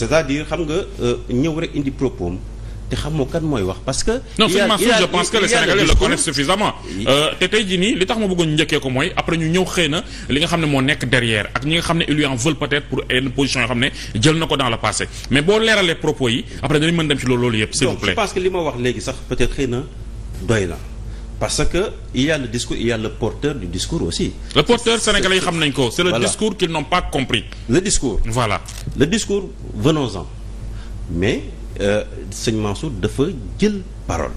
c'est-à-dire xam nga euh, ñëw rek indi propos te xamoo kan mooy wax parce que. non seulement je pense que les Sénégalais le connaissent suffisamment. Euh, te tey jii nii li tax ma bëggoon njëkkee ko mooy après ñu ñëw xëy na li nga xam ne moo nekk derrière ak ñi nga xam ne ils lui en veulent peut-être pour une position yoo xam ne jël na ko dans le passé mais boo leeralee propos yi après dañu mën dem ci loolu loolu yëpp. s'il vous plaît li ma wax léegi sax peut xëy na doy na. parce que yàlla y a le discours il y a le porteur du discours aussi. le porteur sénégalais yi xam nañ ko. c'est le voilà. discours qu'ils n'ont pas compris. le discours. voilà le discours venons-en mais euh, sëñ dafa jël parole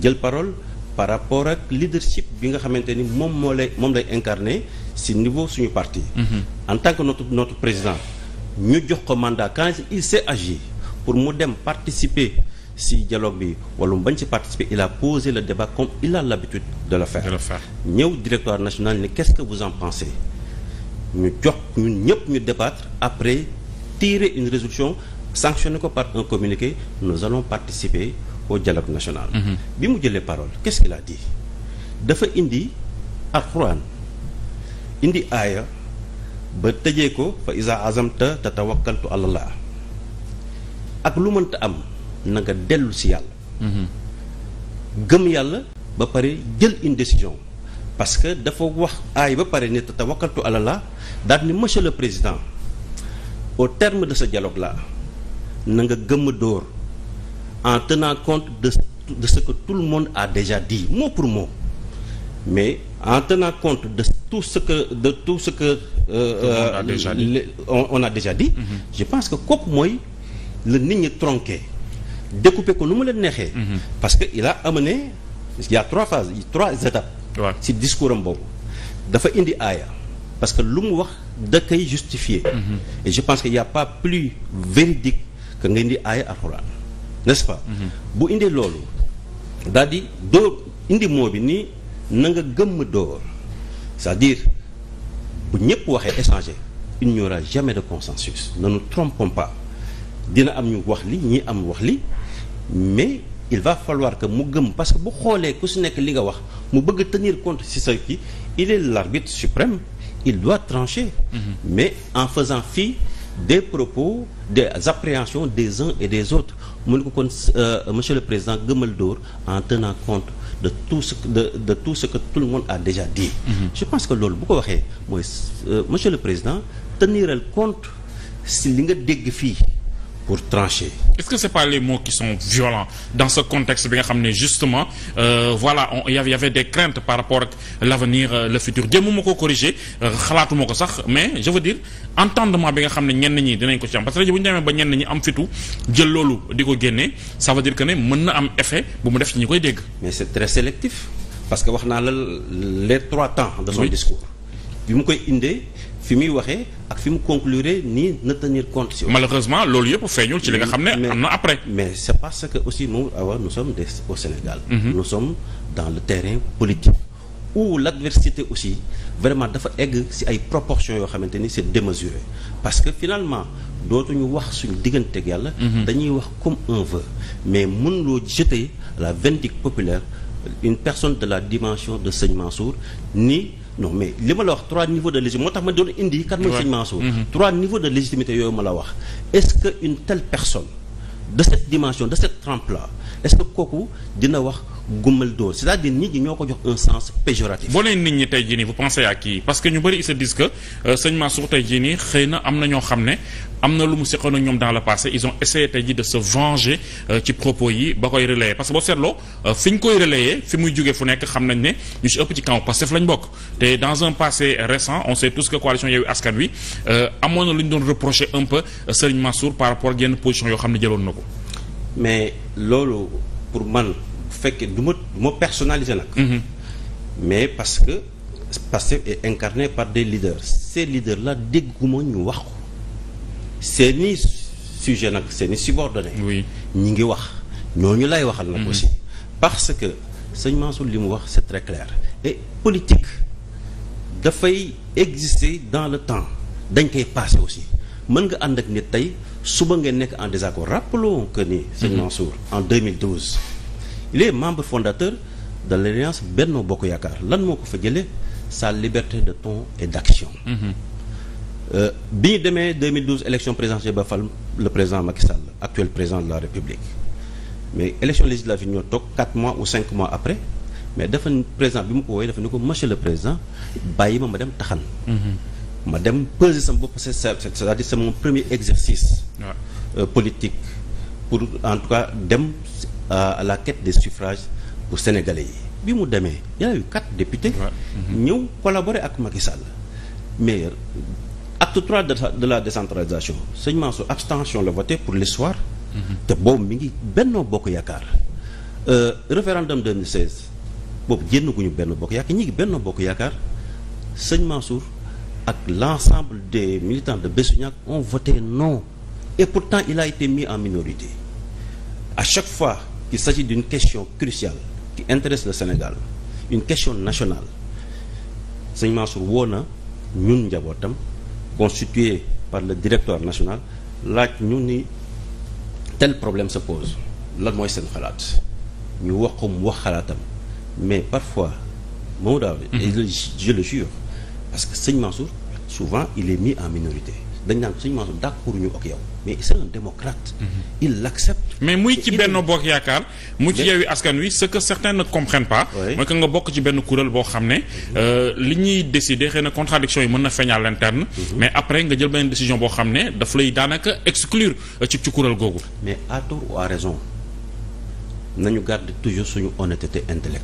jël parole par rapport ak leadership bi nga xamante ni moom moo lay moom lay incarné si niveau suñu parti. Mhm. en tant que notre notre président ñu jox ko mandat quand il s'est agi pour mu dem participer. si dialogue bi wala mu bañ ci participer il a posé le comme il a l'habitude de le faire ñëw directoire national ni qu'est-ce que vous en pensez ñu jox ñu ñëpp ñu débattre après tirer une résolution sanctionner ko par un communiqué nous allons participer au dialogue national mm-hmm. bi mu jëlee parole qu'est-ce qu'il a dafa indi alxuraan indi aaya ba tëjee ko fa isa azamta tatawakkaltu alallah ak lu mënta am na nga dellu si yàlla gëm yàlla ba pare jël une décision parce que dafa wax aay ba pare ne tawakkaltu ala daal ni monsieur le président au terme de ce dialogue là na nga gëm dóor en tenant compte de de ce tout le monde a déjà dit mot pour mot mais en tenant compte de tout ce de tout sa que euh, on a on, a déjà dit mm-hmm. je pense que kooku mooy la nit ñi tronqué découper ko nu mu leen neexee. Mhm. parce que il a amené il y a trois phases trois étapes. waaw discours am boobu dafa indi aaya parce que lu mu wax da koy justifier. Mhm. je pense que y a pas plus véridique que nga indi aaya alxuraan nest pa pas. Mhm. bu indi loolu daal di indi moo bi nii na nga gëmm dóor cest à bu ñëpp waxee échanger il n'y aura jamais de consensus ne nous trompons dina am ñu wax li ñi am wax li mais il va falloir que mu gëm parce que bu xoolee ku si nekk li nga wax mu bëgg tenir compte si sa kii il est l'arbitre suprême il doit trancher mm-hmm. mais en faisant fi des propos des appréhensions des uns et des autres mu ne ko kon euh, monsieur le président gëmal dóor en tenant compte de tout ce de de tout ce que tout le monde a déjà dit mm -hmm. je pense que loolu bu ko waxee mooy euh, monsieur le président teniral compte si li nga dégg fii pour trancher. Est-ce que c'est pas les mots qui sont violents dans ce contexte bi nga xam ne justement euh, voilà on y avait des craintes par rapport ak l'avenir euh, le futur jéemuma ko corriger euh, xalaatuma ko sax mais je veux dire entendement bi nga xam ne ñenn ñi dinañ ko ci am parce que bu ñu demee ba ñenn ñi am fitu jël loolu di ko génnee ça veut dire que ne mën na am effet bu mu def ci ñi koy dégg. mais c'est très sélectif parce que wax naa la les trois temps de son oui. fi muy waxee ak fi mu conclure ni na tenir compte si. malheureusement loolu yëpp feeñul ci li nga xam ne. am na après mais c' est parce que aussi moom awa ah nous sommes des au Sénégal. Mm-hmm. nous sommes dans le terrain politique. où l'adversité aussi vraiment dafa egg si ay proportions yoo xamante ni c' est parce que finalement dootuñu wax suñu digganteeg yàlla. Mm-hmm. dañuy wax comme on veut mais mënuloo jeter la vindicte populaire une personne de la dimension de non mais li ma la wax trois niveaux de légitimité moo tax ma doon indi. kat mooy sëñ mhm. trois niveaux de légitimité yooyu ma la wax. est-ce que une telle personne. de cette dimension de cette trempe là est-ce que kooku dina wax gummal dóor c'est-à-dire nit ñi ñoo ko jox un sens péjoratif. boo leen nit ñi tey jii nii vous pensez à qui parce que ñu bëri ils se disent que euh, sëñ Mansour nii xëy na am na ñoo xam ne am na lu mu seqoon ak ñoom dans le passé ils ont essayé tey de se venger euh, ci propos yi ba koy relayer parce que boo seetloo euh, fi ñu koy relayer fi muy jógee fu nekk xam nañ ne ñu si ëpp ci camp Pastef que coalition Yewwi yoo xam ne jëloon na ko mais loolu pour man bu fekkee du ma du ma nag. Mhm. mais parce que Pastef est incarné par des leaders. ces leaders là dégguma ñu wax ko seeni sujet nag seeni subordonné. oui ñi ngi wax ñoo ñooñu lay waxal nag mhm. aussi. parce que sëñ Mansour li mu wax c'est très clair. et politique dafay exister dans le temps dañ koy passé aussi mën nga ànd ak nit tey. suba ngeen nekk en désaccord rappelons que ni sëñ mhm. Mansour en 2012 il est membre fondateur de l'alliance Benno Bokk Yaakaar lan moo ko fa jëlee sa liberté de ton et d'action mhm. euh, bi ñu demee 2012 élection présidentielle ba fal le président Macky Sall actuel président de la République mais élection législative ñoo toog 4 mois ou cinq mois après mais dafa président bi mu ko wooyee dafa ni ko monsieur le président bàyyi ma ma dem taxan mhm. ma dem peser sama bopp c'est c'est-à-dire c'est mon premier exercice ouais. Euh, politique pour en tout cas dem à la quête des suffrages pour sénégalais yi bi mu demee y a eu mm-hmm. ñëw ouais. collaborer ak Macky Sall mais acte trois de, de la décentralisation sëñ Mansour abstention la voté pour l'histoire mm-hmm. te boobu mi ngi Benno Bokk Yaakaar euh, référendum 2016 boobu génn gu ñu Benno Bokk Yaakaar ñi ngi Benno Bokk Yaakaar sëñ Mansour ak l'ensemble des militants de Bessignac ont voté non. Et pourtant, il a été mis en minorité. À chaque fois qu'il s'agit d'une question cruciale qui intéresse le Sénégal, une question nationale, Sëñ Mansour woo na ñun njabootam constitué par le directoire national laaj ñu ni tel problème se pose lan mooy seen xalaat ñu wax ko mu wax xalaatam mais parfois Maodo. et je le jure parce que Sëñ Mansour souvent il est mis en minorité dañ naan suñu maanaam d'accord ñu ak yow mais c'est un démocrate. Mhm. il l'accepte. mais muy ci benn bokk yaakaar. mu ci yeewi askan wi ce que certains ne comprennent pas. mooy que nga bokk ci benn kuréel boo xam ne. Mhm. Euh, li ñuy décider xëy na contradiction yi mën na feeñal interne. Mhm. mais après nga jël benn décision boo xam ne daf lay daanaka exclure euh, ci ci kuréel googu. mais à tort raison nañu garder toujours suñu honnêteté intellectuelle.